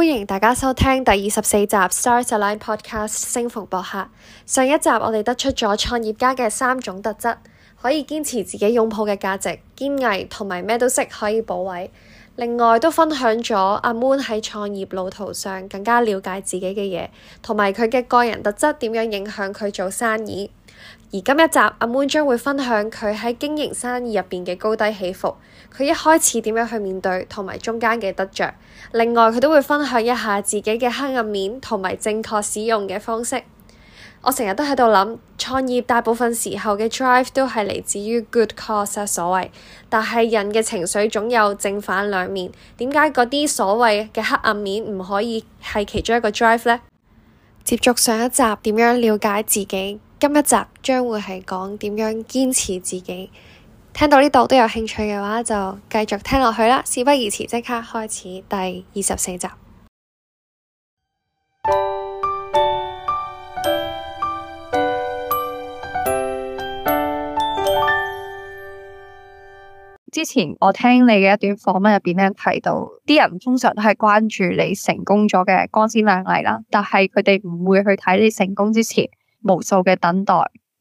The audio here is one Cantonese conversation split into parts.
歡迎大家收聽第二十四集 Stars Align Podcast 星逢播客。上一集我哋得出咗創業家嘅三種特質，可以堅持自己擁抱嘅價值、堅毅同埋咩都識可以保位。另外都分享咗阿 Moon 喺創業路途上更加了解自己嘅嘢，同埋佢嘅個人特質點樣影響佢做生意。而今一集，阿 Moon 將會分享佢喺經營生意入邊嘅高低起伏，佢一開始點樣去面對，同埋中間嘅得着。另外，佢都會分享一下自己嘅黑暗面，同埋正確使用嘅方式。我成日都喺度諗，創業大部分時候嘅 drive 都係嚟自於 good cause 嘅所謂，但係人嘅情緒總有正反兩面。點解嗰啲所謂嘅黑暗面唔可以係其中一個 drive 呢？接續上一集，點樣了解自己？今一集將會係講點樣堅持自己。聽到呢度都有興趣嘅話，就繼續聽落去啦。事不宜遲，即刻開始第二十四集。之前我聽你嘅一段訪問入邊呢，提到啲人通常都係關注你成功咗嘅光鮮亮麗啦，但係佢哋唔會去睇你成功之前。無數嘅等待，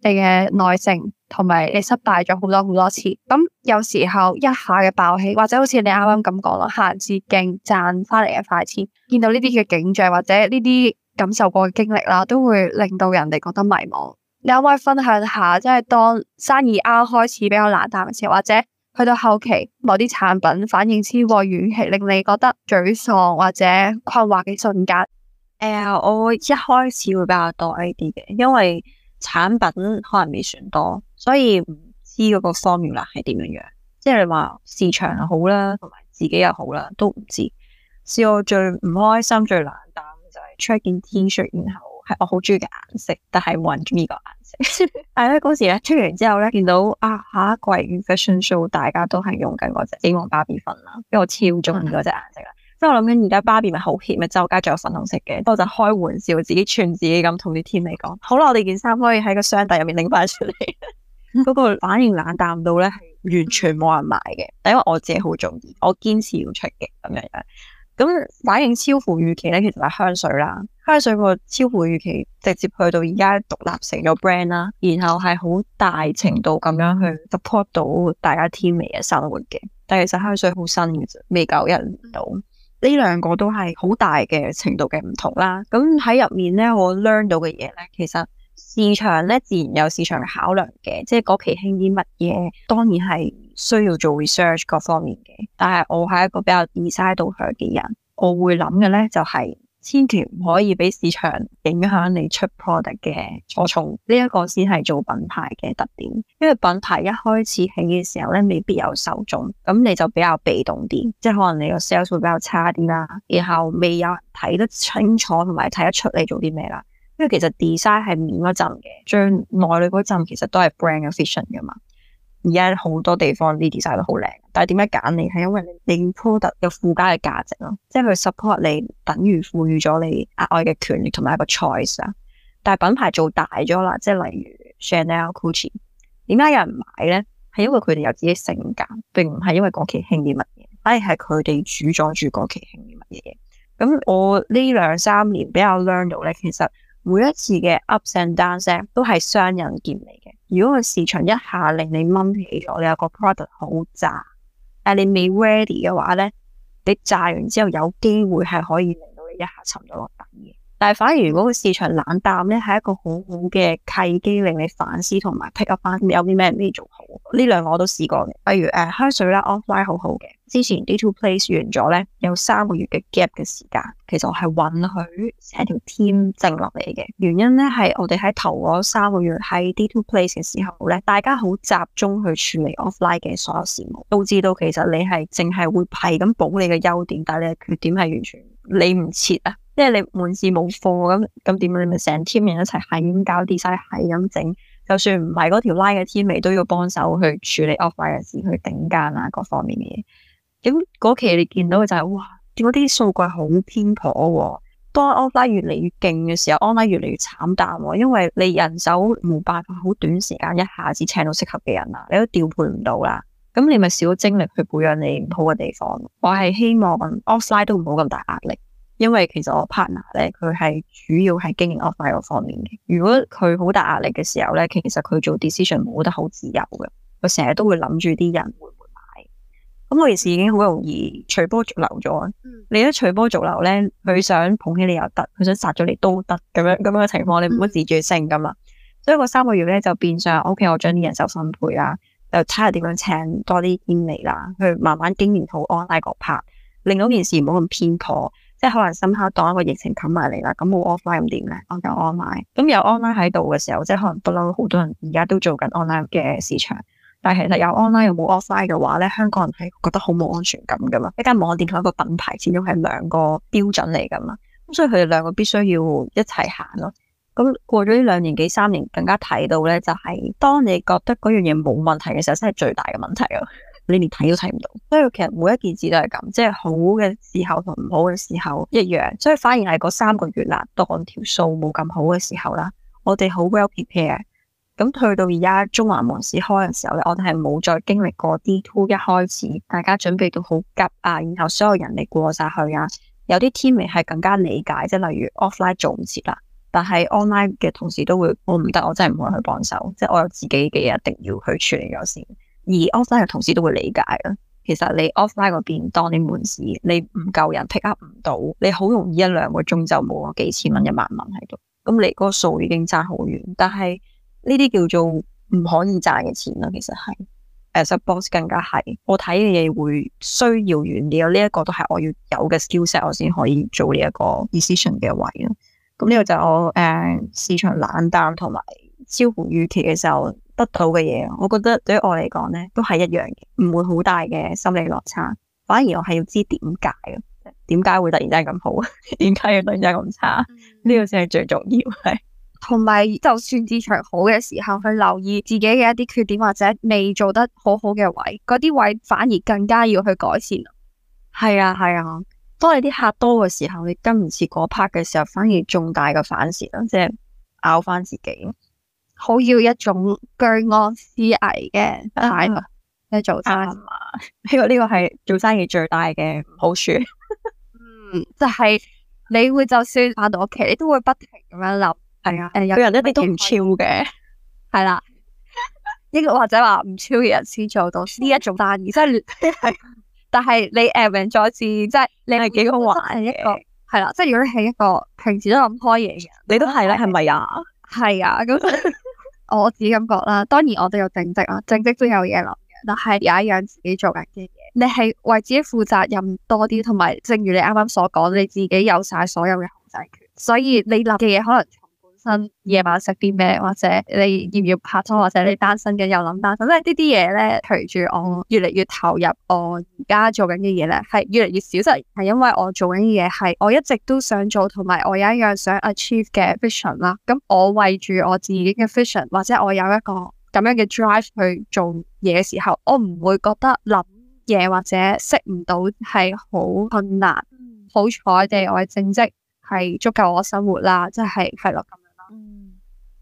你嘅耐性，同埋你失敗咗好多好多次。咁有時候一下嘅爆氣，或者好似你啱啱咁講咯，行捷徑賺翻嚟嘅快錢，見到呢啲嘅景象，或者呢啲感受過嘅經歷啦，都會令到人哋覺得迷茫。你可唔可以分享下，即係當生意啱開始比較難淡嘅時候，或者去到後期某啲產品反應超過預期，令你覺得沮喪或者困惑嘅瞬間？誒、哎，我一開始會比較多呢啲嘅，因為產品可能未選多，所以唔知嗰個 formula 係點樣樣。即係你話市場好啦，同埋自己又好啦，都唔知。是我最唔開心、最難擔就係出 h 件 t 恤，shirt，然後係我好中意嘅顏色，但係冇人中意個顏色。係 咯，嗰時咧出完之後咧，見到啊下一季 f e s s i o n show 大家都係用緊嗰隻金黃芭比粉啦，因為我超中意嗰隻顏色啦。嗯即係我諗緊，而家芭比咪好 hit 咪周街，仲有粉紅色嘅。不過我就開玩笑，自己串自己咁同啲天美 a 講，好啦，我哋件衫可以喺個箱底入面拎翻出嚟。嗰 個反應冷淡到咧，係完全冇人買嘅。但係因為我自己好中意，我堅持要出嘅咁樣樣。咁反應超乎預期咧，其實係香水啦。香水個超乎預期，直接去到而家獨立成咗 brand 啦。然後係好大程度咁樣去 support 到大家天美嘅生活嘅。但係其實香水好新嘅啫，未夠一年到。嗯呢兩個都係好大嘅程度嘅唔同啦。咁喺入面呢，我 learn 到嘅嘢呢，其實市場呢自然有市場嘅考量嘅，即係嗰期興啲乜嘢，當然係需要做 research 各方面嘅。但係我係一個比較 design 導向嘅人，我會諗嘅呢就係、是。千祈唔可以俾市場影響你出 product 嘅初衷，呢一個先係做品牌嘅特點。因為品牌一開始起嘅時候咧，未必有受眾，咁你就比較被動啲，即係可能你個 sales 會比較差啲啦，然後未有睇得清楚同埋睇得出你做啲咩啦。因為其實 design 係面嗰陣嘅，最內裏嗰陣其實都係 brand efficient 噶嘛。而家好多地方呢啲 design 都好靚，但係點解揀你係因為你，你 product 有附加嘅價值咯，即係佢 support 你，等於賦予咗你額外嘅權力同埋一個 choice 啊。但係品牌做大咗啦，即係例如 Chanel、Gucci，點解有人買咧？係因為佢哋有自己性格，並唔係因為嗰期興啲乜嘢，反而係佢哋主宰住嗰期興啲乜嘢嘢。咁我呢兩三年比較 learn 到咧，其實每一次嘅 ups and downs 都係雙刃劍嚟嘅。如果個市場一下令你掹起咗，你有個 product 好炸，但係你未 ready 嘅話咧，你炸完之後有機會係可以令到你一下沉咗落底嘅。但係反而，如果個市場冷淡咧，係一個好好嘅契機，令你反思同埋 pick up 翻有啲咩未做好。呢兩個我都試過嘅，例如誒香水啦 offline 好好嘅。之前 D2 Place 完咗咧，有三個月嘅 gap 嘅時間，其實我係允許成條 team 靜落嚟嘅。原因咧係我哋喺頭嗰三個月喺 D2 Place 嘅時候咧，大家好集中去處理 offline 嘅所有事務，都知道其實你係淨係會係咁補你嘅優點，但係你嘅缺點係完全理唔切啊！即係你門市冇貨咁咁點啊？你咪成 team 人一齊係咁搞 design，係咁整。就算唔係嗰條 line 嘅 team，你都要幫手去處理 offline 嘅事，去頂崗啊，各方面嘅嘢。咁嗰期你見到嘅就係，哇，點解啲數據好偏頗喎？當 offline 越嚟越勁嘅時候，online 越嚟越慘淡喎。因為你人手冇辦法好短時間一下子請到適合嘅人啊，你都調配唔到啦。咁你咪少咗精力去培養你唔好嘅地方。我係希望 offline 都唔好咁大壓力。因為其實我 partner 咧，佢係主要係經營 offline 嗰方面嘅。如果佢好大壓力嘅時候咧，其實佢做 decision 冇得好自由嘅。佢成日都會諗住啲人會唔會買？咁我件事已經好容易隨波逐流咗。你一隨波逐流咧，佢想捧起你又得，佢想殺咗你都得。咁樣咁樣嘅情況，你唔好自主性噶嘛。嗯、所以個三個月咧就變相，OK，我將啲人手分配啊，又睇下點樣請多啲經理嚟啦，去慢慢經營好 online 嗰 part，令到件事唔好咁偏頗。即係可能深刻當一個疫情冚埋嚟啦，咁冇 offline 咁點咧？我有 online 咁有 online 喺度嘅時候，即係可能不嬲，好多人而家都在做緊 online 嘅市場，但係其實有 online 又冇 offline 嘅話咧，香港人係覺得好冇安全感噶嘛？一間網店同一個品牌始終係兩個標準嚟噶嘛，咁所以佢哋兩個必須要一齊行咯。咁過咗呢兩年幾三年，更加睇到咧，就係當你覺得嗰樣嘢冇問題嘅時候，真係最大嘅問題啊！你連睇都睇唔到，所以其實每一件事都係咁，即係好嘅時候同唔好嘅時候一樣。所以反而係嗰三個月啦，當條數冇咁好嘅時候啦，我哋好 well prepare。咁去到而家中環門市開嘅時候咧，我哋係冇再經歷過 D two 一開始大家準備到好急啊，然後所有人嚟過晒去啊。有啲 teammate 係更加理解，即係例如 offline 做唔切啦，但係 online 嘅同事都會我唔得，我真係唔會去幫手，即係我有自己嘅嘢一定要去處理咗先。而 offline 嘅同事都會理解啊。其實你 offline 嗰邊當你門市，你唔夠人 pick up 唔到，你好容易一兩個鐘就冇幾千蚊、一萬蚊喺度。咁你個數已經差好遠，但係呢啲叫做唔可以賺嘅錢啦。其實係，as a boss 更加係。我睇嘅嘢會需要遠啲啊。呢一個都係我要有嘅 skill set，我先可以做呢一個 decision 嘅位啊。咁呢個就係我誒、uh, 市場冷淡同埋超乎預期嘅時候。得到嘅嘢，我覺得對於我嚟講咧，都係一樣嘅，唔會好大嘅心理落差。反而我係要知點解啊？點解會突然之間咁好？點解要突然之間咁差？呢個先係最重要。係同埋，就算市場好嘅時候，去留意自己嘅一啲缺點或者未做得好好嘅位，嗰啲位反而更加要去改善啊。係啊，係啊。當你啲客多嘅時候，你跟唔切嗰 part 嘅時候，反而仲大嘅反噬咯，即係咬翻自己。好要一種居安思危嘅態度，即係做生意嘛？呢個呢個係做生意最大嘅好處。嗯，就係、是、你會就算翻到屋企，你都會不停咁樣諗。係啊，誒、嗯，有你都、啊、人一定唔超嘅。係啦、 就是，就是、一個或者話唔超嘅人先做到呢一種生意。即係，但係你誒，再次，即係你係幾好玩嘅。係啦，即係如果係一個平時都諗開嘢嘅人，你都係咧，係咪啊？係是啊，咁。 我自己感覺啦，當然我都有正職啊，正職都有嘢諗嘅，但係有一樣自己做緊嘅嘢，你係為自己負責任多啲，同埋正如你啱啱所講，你自己有晒所有嘅控制權，所以你諗嘅嘢可能。夜晚食啲咩，或者你要唔要拍拖，或者你單身嘅又諗單身，即係呢啲嘢咧，隨住我越嚟越投入我而家做緊嘅嘢咧，係越嚟越少。即係係因為我做緊嘅嘢係我一直都想做，同埋我有一樣想 achieve 嘅 vision 啦。咁我為住我自己嘅 vision 或者我有一個咁樣嘅 drive 去做嘢嘅時候，我唔會覺得諗嘢或者識唔到係好困難。好彩地，我嘅正職係足夠我生活啦，即係係咯。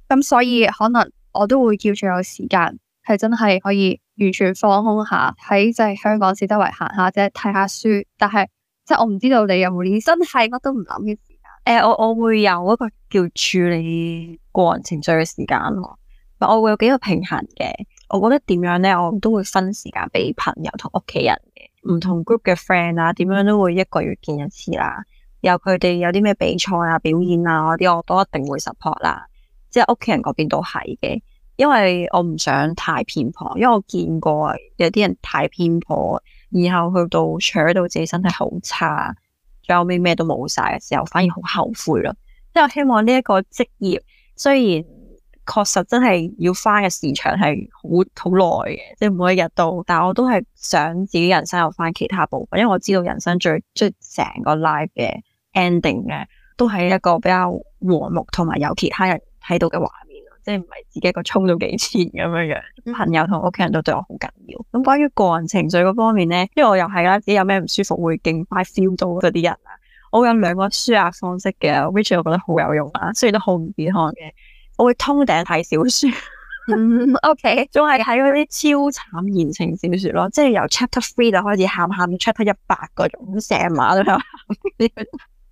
咁所以可能我都會叫做有時間係真係可以完全放空下，喺就係香港市周圍行下啫，睇下書。但係即係我唔知道你有冇呢啲真係乜都唔諗嘅時間。誒、欸，我我會有一個叫處理個人情緒嘅時間咯。我會有幾個平衡嘅，我覺得點樣咧，我都會分時間俾朋友同屋企人嘅。唔同 group 嘅 friend 啊，點樣都會一個月見一次啦。有佢哋有啲咩比賽啊、表演啊嗰啲，我都一定會 support 啦。即係屋企人嗰邊都係嘅，因為我唔想太偏頗，因為我見過有啲人太偏頗，然後去到扯到自己身體好差，最後尾咩都冇晒嘅時候，反而好後悔咯。即係我希望呢一個職業雖然確實真係要花嘅市場係好好耐嘅，即係每一日入到，但我都係想自己人生有翻其他部分，因為我知道人生最最成個 life 嘅 ending 嘅都係一個比較和睦同埋有其他人。睇到嘅畫面，即係唔係自己一個充到幾錢咁樣樣？朋友同屋企人都對我好緊要。咁關於個人情緒嗰方面咧，因為我又係啦，自己有咩唔舒服會勁快 feel 到嗰啲人啊。我有兩個舒壓方式嘅，which 我覺得好有用啊，雖然都好唔健康嘅。我會通頂睇小説，嗯，OK，仲係睇嗰啲超慘言情小説咯，即係由 chapter three 就開始喊喊 chapter 一百嗰種，成晚都係，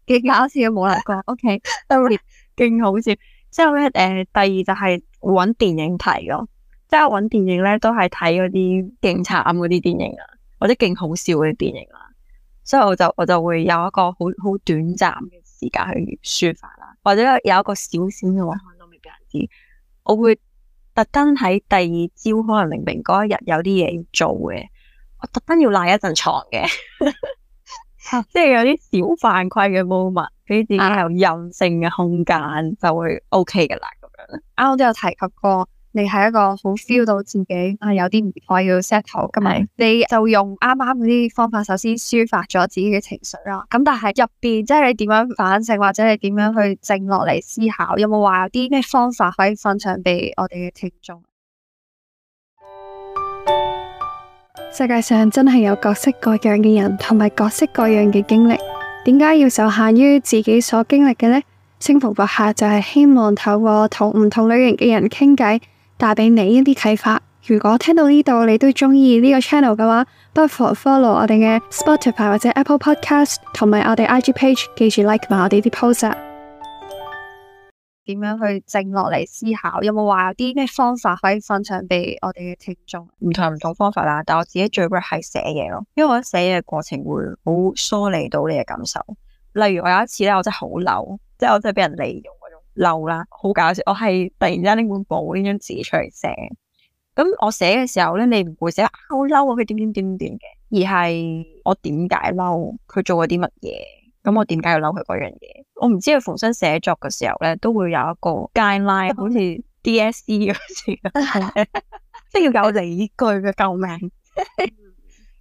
幾 搞笑冇得講，OK，特別勁好笑。之後咧，誒，第二就係搵電影睇咯。即係搵電影咧，都係睇嗰啲勁慘嗰啲電影啊，或者勁好笑嗰啲電影啦。所以我就我就會有一個好好短暫嘅時間去抒發啦，或者有一個小小嘅，可能都未俾人知。我會特登喺第二朝，可能明明嗰一日有啲嘢要做嘅，我特登要賴一陣床嘅。 即係有啲小犯規嘅 moment，俾自己有任性嘅空間就會 OK 噶啦，咁樣。啱啱都有提及過，你係一個好 feel 到自己啊，有啲唔快要 settle 咁咪，的你就用啱啱嗰啲方法，首先抒發咗自己嘅情緒啦。咁但係入邊，即係你點樣反省，或者你點樣去靜落嚟思考，有冇話有啲咩方法可以分享俾我哋嘅聽眾？世界上真係有各式各樣嘅人，同埋各式各樣嘅經歷。點解要受限於自己所經歷嘅呢？星逢播客就係希望透過同唔同類型嘅人傾偈，帶俾你一啲啟發。如果聽到呢度你都中意呢個 channel 嘅話，不妨 follow 我哋嘅 Spotify 或者 Apple Podcast，同埋我哋 IG page，記住 like 埋我哋啲 poster 啊。點樣去靜落嚟思考？有冇話有啲咩方法可以分享俾我哋嘅聽眾？唔同唔同方法啦，但係我自己最叻係寫嘢咯，因為我覺得寫嘢嘅過程會好梳理到你嘅感受。例如我有一次咧，我真係好嬲，即係我真係俾人利用嗰種嬲啦，好搞笑。我係突然之間拎本簿張紙，呢張紙出嚟寫。咁我寫嘅時候咧，你唔會寫好嬲啊，佢點點點點嘅，而係我點解嬲？佢做咗啲乜嘢？咁我點解要諗佢嗰樣嘢？我唔知佢逢身寫作嘅時候咧，都會有一個 guideline 好似 DSE 嗰時，即係要有理據嘅，救命！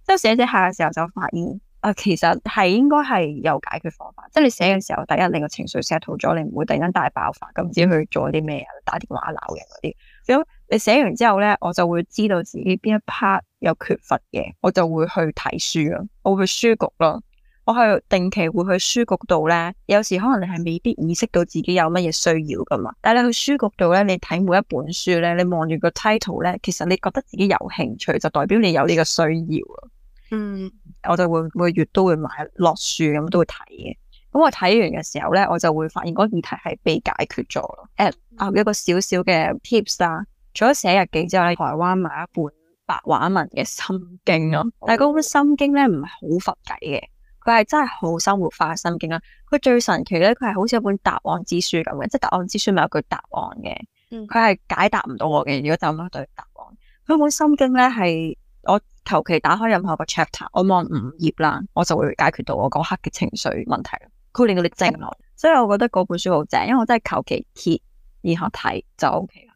即係寫寫下嘅時候就發現啊，其實係應該係有解決方法。即係你寫嘅時候，第一，令緒 settled，你個情緒 set 咗，你唔會突然間大爆發，咁唔知去做啲咩啊，打電話鬧人嗰啲。咁你寫完之後咧，我就會知道自己邊一 part 有缺乏嘅，我就會去睇書咯，我會去書局咯。我係定期會去書局度咧，有時可能你係未必意識到自己有乜嘢需要噶嘛。但係你去書局度咧，你睇每一本書咧，你望住個 title 咧，其實你覺得自己有興趣就代表你有呢個需要啊。嗯，我就會每月都會買落書咁都會睇嘅。咁我睇完嘅時候咧，我就會發現嗰議題係被解決咗咯。誒，啊，一個小小嘅 tips 啊，除咗寫日記之後咧，台灣買一本白話文嘅《心經》咯，但係嗰本《心經》呢咧唔係好佛偈嘅。佢係真係好生活化嘅心經啦，佢最神奇咧，佢係好似一本答案之書咁嘅，即係答案之書咪有句答案嘅，佢係解答唔到我嘅，如果就咁樣對答案。佢本心經咧係我求其打開任何個 chapter，我望五頁啦，我就會解決到我嗰刻嘅情緒問題，佢令到你靜落。所以我覺得嗰本書好正，因為我真係求其揭然後睇就 OK 啦。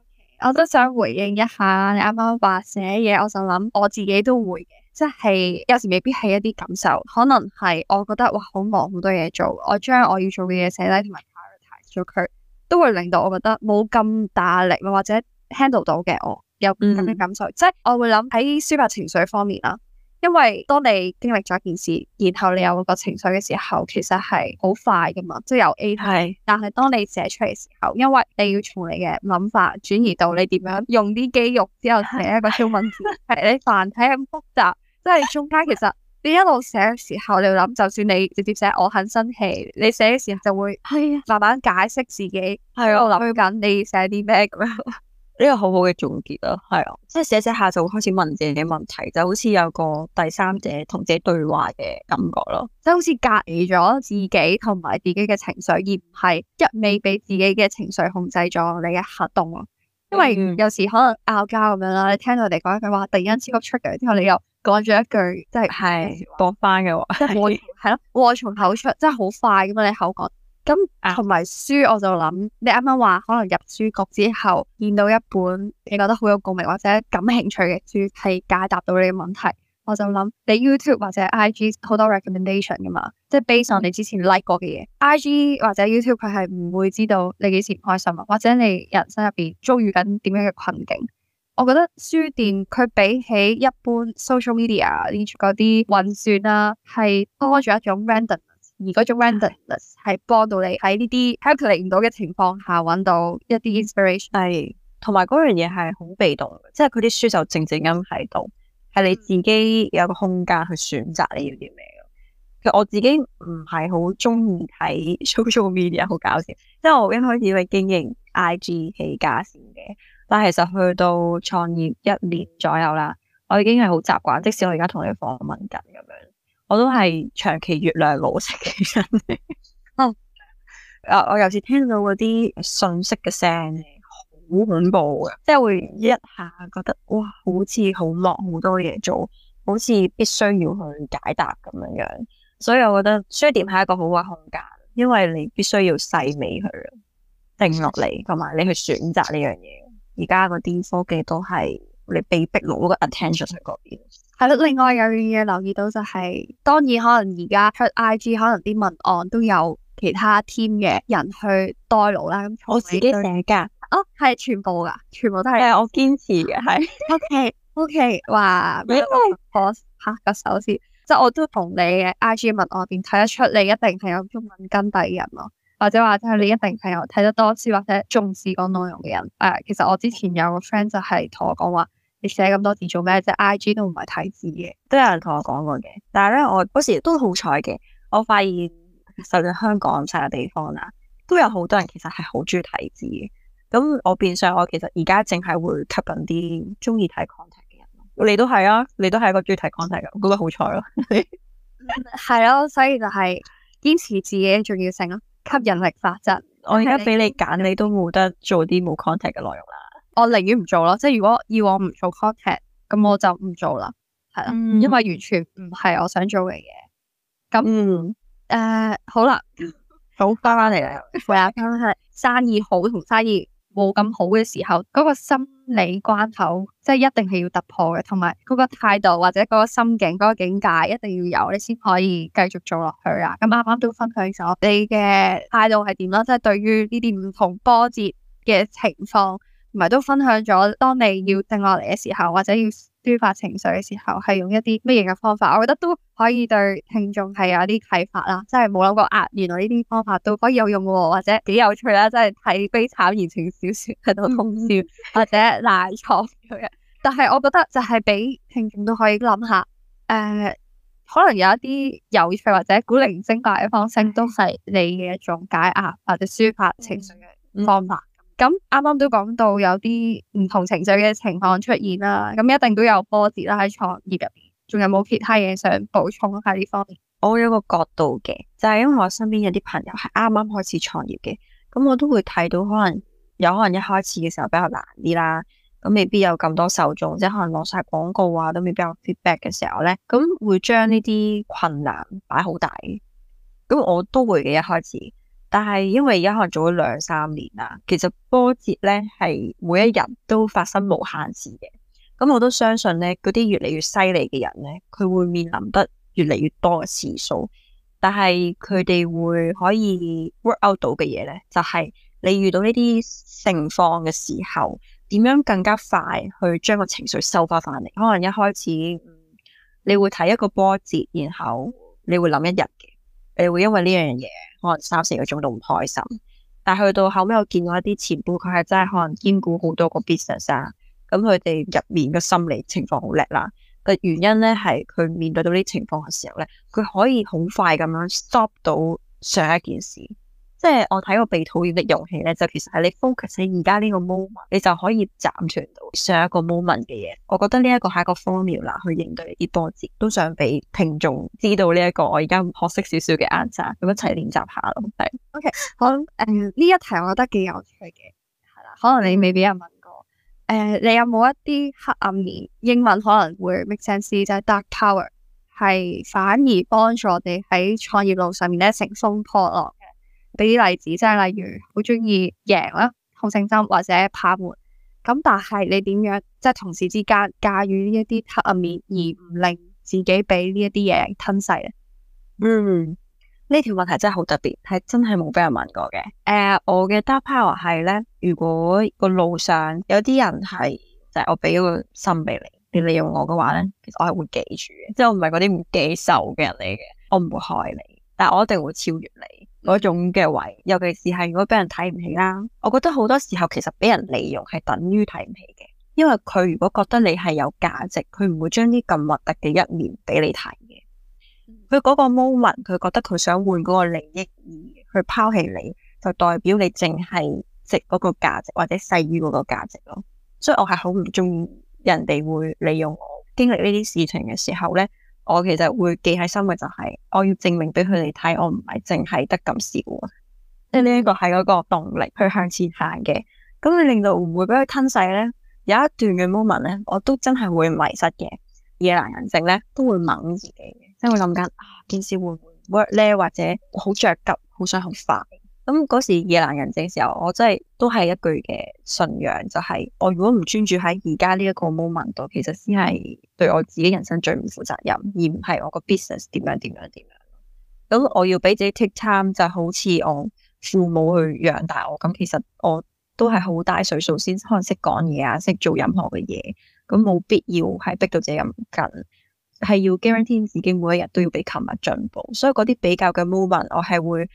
Okay，我都想回應一下，你啱啱話寫嘢，我就諗我自己都會嘅。即係有時未必係一啲感受，可能係我覺得哇好忙好多嘢做，我將我要做嘅嘢寫低同埋 prioritize 咗佢，都會令到我覺得冇咁大壓力或者 handle 到嘅，我有咁嘅感受。嗯、即係我會諗喺抒發情緒方面啦，因為當你經歷咗一件事，然後你有個情緒嘅時候，其實係好快噶嘛，即係由 A，是但係當你寫出嚟嘅時候，因為你要從你嘅諗法轉移到你點樣用啲肌肉之後寫一個小文字，係是 你繁體咁複雜。即係中間其實你一路寫嘅時候，你諗就算你直接寫我很生氣，你寫嘅時候就會的慢慢解釋自己，係啊的，我諗想緊你寫啲咩咁樣？呢 個好好嘅總結啊，係啊，即係寫寫下就會開始問自己問題，就好似有個第三者同自己對話嘅感覺咯，即係好似隔離咗自己同埋自己嘅情緒，而唔係一味俾自己嘅情緒控制咗你嘅行動咯。因為有時可能拗交咁樣啦，你聽到人哋講一句話，突然間超級出嘅，之後你又～講咗一句，即係係駁翻嘅話，係咯，禍從、啊、 口出，真係好快噶嘛、啊！你口講咁同埋書，我就諗你啱啱話可能入書局之後見到一本你覺得好有共鳴或者感興趣嘅書，係解答到你嘅問題。我就諗你 YouTube 或者 IG 好多 recommendation 噶嘛，即係 based on 你之前 like 過嘅嘢。IG 或者 YouTube 佢係唔會知道你幾時唔開心啊，或者你人生入邊遭遇緊點樣嘅困境。我覺得書店佢比起一般 social media 啲嗰啲運算啦、啊，係多咗一種 randomness，而嗰種 randomness 係幫到你喺呢啲 help 你唔到嘅情況下，揾到一啲 inspiration。係，同埋嗰樣嘢係好被動，即係佢啲書就靜靜咁喺度，係你自己有個空間去選擇你要啲咩。其實我自己唔係好中意睇 social media，好搞笑，即係我一開始係經營 IG 起家先嘅。但係，其實去到創業一年左右啦，我已經係好習慣。即使我而家同你訪問緊咁樣，我都係長期月亮老式嘅人。啊、 哦！我有時聽到嗰啲信息嘅聲，好恐怖嘅，即係會一下覺得哇，好似好落好多嘢做，好似必須要去解答咁樣樣。所以我覺得書店係一個好嘅空間，因為你必須要細味佢定落嚟同埋你去選擇呢樣嘢。而家嗰啲科技都係你被逼攞個 attention 喺嗰邊。係咯，另外有樣嘢留意到就係、是，當然可能而家出 IG 可能啲文案都有其他 team 嘅人去代勞啦。我自己寫噶。啊、哦，係全部噶，全部都係。係我堅持嘅，係。OK，OK，哇，你都可吓個首先。即係我都同你嘅 IG 文案邊睇得出，你一定係有中文跟底人咯。或者話，即係你一定係有睇得多次或者重視過內容嘅人誒、啊。其實我之前有個 friend 就係同我講話，你寫咁多字做咩啫？I G 都唔係睇字嘅，都有人同我講過嘅。但係咧，我嗰時都好彩嘅。我發現，就算香港成嘅地方啦，都有好多人其實係好中意睇字嘅。咁我變相我其實而家淨係會吸引啲中意睇 content 嘅人。你都係啊，你都係一個中意睇 content 嘅，我覺得好彩咯，係 咯、 啊，所以就係堅持自己嘅重要性咯。吸引力法則，我而家俾你揀，你都冇得做啲冇 contact 嘅內容啦。我寧願唔做咯，即係如果要我唔做 contact，咁我就唔做啦，係啦，嗯、因為完全唔係我想做嘅嘢。咁、嗯，誒、呃，好啦，好翻翻嚟啦，維亞康泰，生意好同生意冇咁好嘅時候，嗰個心理關口即係一定係要突破嘅，同埋嗰個態度或者嗰個心境、嗰個境界一定要有，你先可以繼續做落去啊！咁啱啱都分享咗你嘅態度係點啦，即係對於呢啲唔同波折嘅情況，唔係都分享咗當你要定落嚟嘅時候，或者要。抒發情緒嘅時候，係用一啲乜嘢嘅方法？我覺得都可以對聽眾係有啲啟發啦，即係冇諗過啊，原來呢啲方法都可以有用喎，或者幾有趣啦，即係睇悲慘言情小說喺度通宵，或者賴床咁樣。但係我覺得就係俾聽眾都可以諗下，誒、呃，可能有一啲有趣或者古靈精怪嘅方式，都係你嘅一種解壓或者抒發情緒嘅方法。嗯嗯。咁啱啱都講到有啲唔同情緒嘅情況出現啦，咁一定都有波折啦喺創業入邊，仲有冇其他嘢想補充喺呢方面？我有一個角度嘅，就係、是、因為我身邊有啲朋友係啱啱開始創業嘅，咁我都會睇到可能有可能一開始嘅時候比較難啲啦，咁未必有咁多受眾，即係可能落晒廣告啊，都未必有 feedback 嘅時候咧，咁會將呢啲困難擺好大咁我都會嘅一開始。但係，因為而家可能做咗兩三年啦，其實波折咧係每一日都發生無限次嘅。咁我都相信咧，嗰啲越嚟越犀利嘅人咧，佢會面臨得越嚟越多嘅次數。但係佢哋會可以 work out 到嘅嘢咧，就係、是、你遇到呢啲情況嘅時候，點樣更加快去將個情緒收翻翻嚟？可能一開始，嗯，你會睇一個波折，然後你會諗一日嘅，你會因為呢樣嘢，可能三四個鐘都唔開心，但係去到後尾我見到一啲前輩，佢係真係可能兼顧好多個 business 啊，咁佢哋入面嘅心理情況好叻啦。個原因咧係佢面對到呢啲情況嘅時候咧，佢可以好快咁樣 stop 到上一件事。即係我睇《個被討厭的勇氣》咧，就其實係你 focus 喺而家呢個 moment，你就可以斬斷到上一個 moment 嘅嘢。我覺得呢一個係一個 formula 去應對啲波折。都想俾聽眾知道呢一個我而家學識少少嘅 answer，咁一齊練習下咯。係，OK，好誒，呢、呃、一題我覺得幾有趣嘅，係啦，可能你未俾人問過誒、呃，你有冇一啲黑暗面？英文可能會 make sense 就係 dark power，係反而幫助我哋喺創業路上面咧乘風破浪。俾啲例子，即係例如好鍾意贏啦，好勝心或者怕悶，咁但係你點樣即係同事之間駕馭呢一啲黑暗面，而唔令自己俾呢一啲嘢吞噬咧？嗯，呢條問題真係好特別，係真係冇俾人問過嘅。誒、呃，我嘅 dark power 係咧，如果個路上有啲人係就係、是、我俾咗個心俾你，你利用我嘅話咧，其實我係會記住嘅，即係我唔係嗰啲唔記仇嘅人嚟嘅，我唔會害你，但係我一定會超越你。嗰種嘅位，尤其是係如果俾人睇唔起啦，我覺得好多時候其實俾人利用係等於睇唔起嘅，因為佢如果覺得你係有價值，佢唔會將啲咁核突嘅一面俾你睇嘅。佢嗰個 moment，佢覺得佢想換嗰個利益而去拋棄你，就代表你淨係值嗰個價值或者細於嗰個價值咯。所以我係好唔中意人哋會利用我經歷呢啲事情嘅時候咧。我其實會記喺心嘅就係，我要證明俾佢哋睇，我唔係淨係得咁少啊，即係呢一個係嗰個動力去向前行嘅。咁你令到會唔會俾佢吞噬咧？有一段嘅 moment 咧，我都真係會迷失嘅，夜難人靜咧都會猛自己，即係會諗緊啊，件事會唔會 work 咧？或者好着急，好想好快。咁嗰時夜闌人靜時候，我真係都係一句嘅信仰，就係我如果唔專注喺而家呢一個 moment 度，其實先係對我自己人生最唔負責任，而唔係我個 business 點樣點樣點樣。咁我要俾自己 take time，就好似我父母去養大我。咁其實我都係好大歲數先可能識講嘢啊，識做任何嘅嘢。咁冇必要係逼到自己咁緊，係要 guarantee 自己每一日都要比琴日進步。所以嗰啲比較嘅 moment，我係會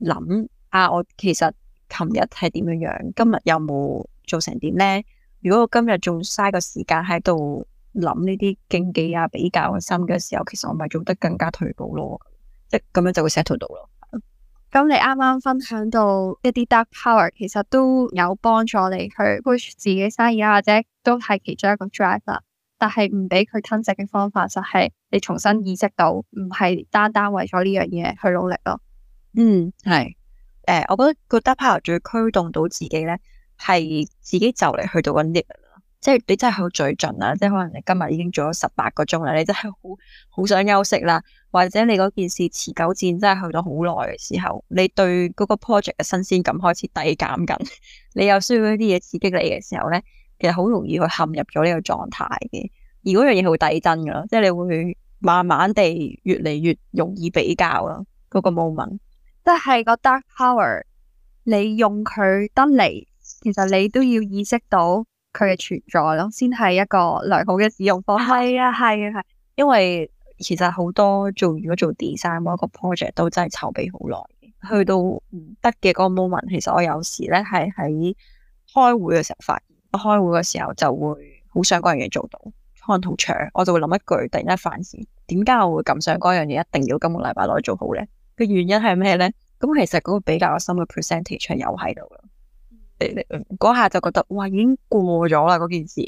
諗。啊！我其實琴日係點樣樣，今日有冇做成點咧？如果我今日仲嘥個時間喺度諗呢啲競技啊、比較嘅心嘅時候，其實我咪做得更加退步咯。即咁樣就會 set 到咯。咁你啱啱分享到一啲 dark power，其實都有幫助你去 push 自己生意啊，或者都係其中一個 drive。但係唔俾佢吞噬嘅方法就係、係、你重新意識到，唔係單單為咗呢樣嘢去努力咯。嗯，係。誒、欸，我覺得個 developer 最驅動到自己咧，係自己就嚟去到個 limit 咯，即係你真係去到最盡啦，即係可能你今日已經做咗十八個鐘啦，你真係好好想休息啦，或者你嗰件事持久戰真係去到好耐嘅時候，你對嗰個 project 嘅新鮮感開始遞減緊，你又需要一啲嘢刺激你嘅時候咧，其實好容易去陷入咗呢個狀態嘅，而嗰樣嘢係會遞增噶咯，即係你會慢慢地越嚟越容易比較咯，嗰、那個、moment。即係個 dark power，你用佢得嚟，其實你都要意識到佢嘅存在咯，先係一個良好嘅使用方法。係啊的，係啊，係。因為其實好多做如果做 design 一個 project 都真係籌備好耐，去到唔得嘅嗰個 moment，其實我有時咧係喺開會嘅時候發現，開會嘅時候就會好想嗰樣嘢做到，可能好長，我就會諗一句，突然間犯事，點解我會咁想嗰樣嘢一定要今個禮拜內做好咧？嘅原因係咩咧？咁其實嗰個比較深嘅 percentage 係有喺度嘅。嗰下就覺得哇已經過咗啦嗰件事，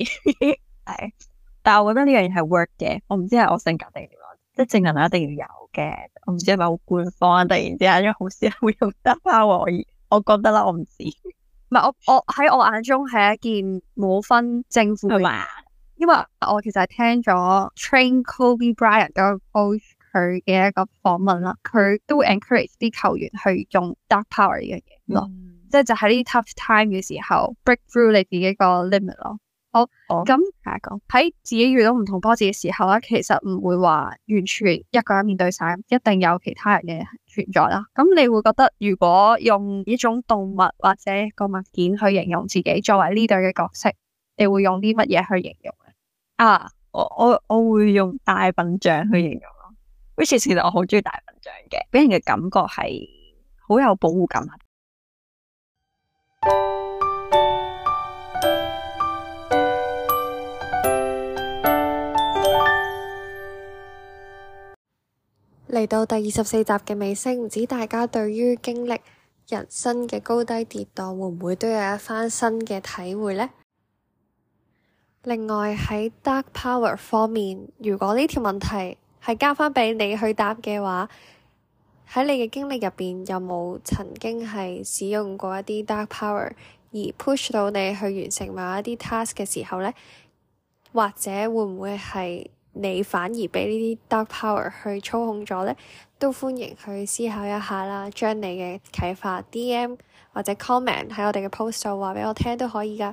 係。 但係我覺得呢樣嘢係 work 嘅，我唔知係我性格定點咯。即係正能量一定要有嘅，我唔知係咪好官方。突然之間因為好少會用得翻我，我覺得啦，我唔知。唔係我我喺我眼中係一件冇分正負嘅，吧因為我其實係聽咗 Train Kobe Bryant 嘅佢嘅一個訪問啦，佢都會 encourage 啲球員去用 dark power 嘅嘢咯，嗯、即係就喺呢啲 tough time 嘅時候 break through 你自己個 limit 咯。好，咁、哦、下一個喺自己遇到唔同波折嘅時候啦，其實唔會話完全一個人面對晒，一定有其他人嘅存在啦。咁你會覺得如果用一種動物或者個物件去形容自己作為呢隊嘅角色，你會用啲乜嘢去形容啊？啊，我我我會用大笨象去形容。Which 其實我好中意大笨象嘅，畀人嘅感覺係好有保護感。嚟到第二十四集嘅尾聲，唔知大家對於經歷人生嘅高低跌宕，會唔會都有一番新嘅體會呢？另外喺 dark power 方面，如果呢條問題，係交翻俾你去答嘅話，喺你嘅經歷入邊有冇曾經係使用過一啲 Dark Power 而 push 到你去完成某一啲 task 嘅時候呢？或者會唔會係你反而俾呢啲 Dark Power 去操控咗呢？都歡迎去思考一下啦，將你嘅啟發 DM 或者 comment 喺我哋嘅 post 度話俾我聽都可以㗎。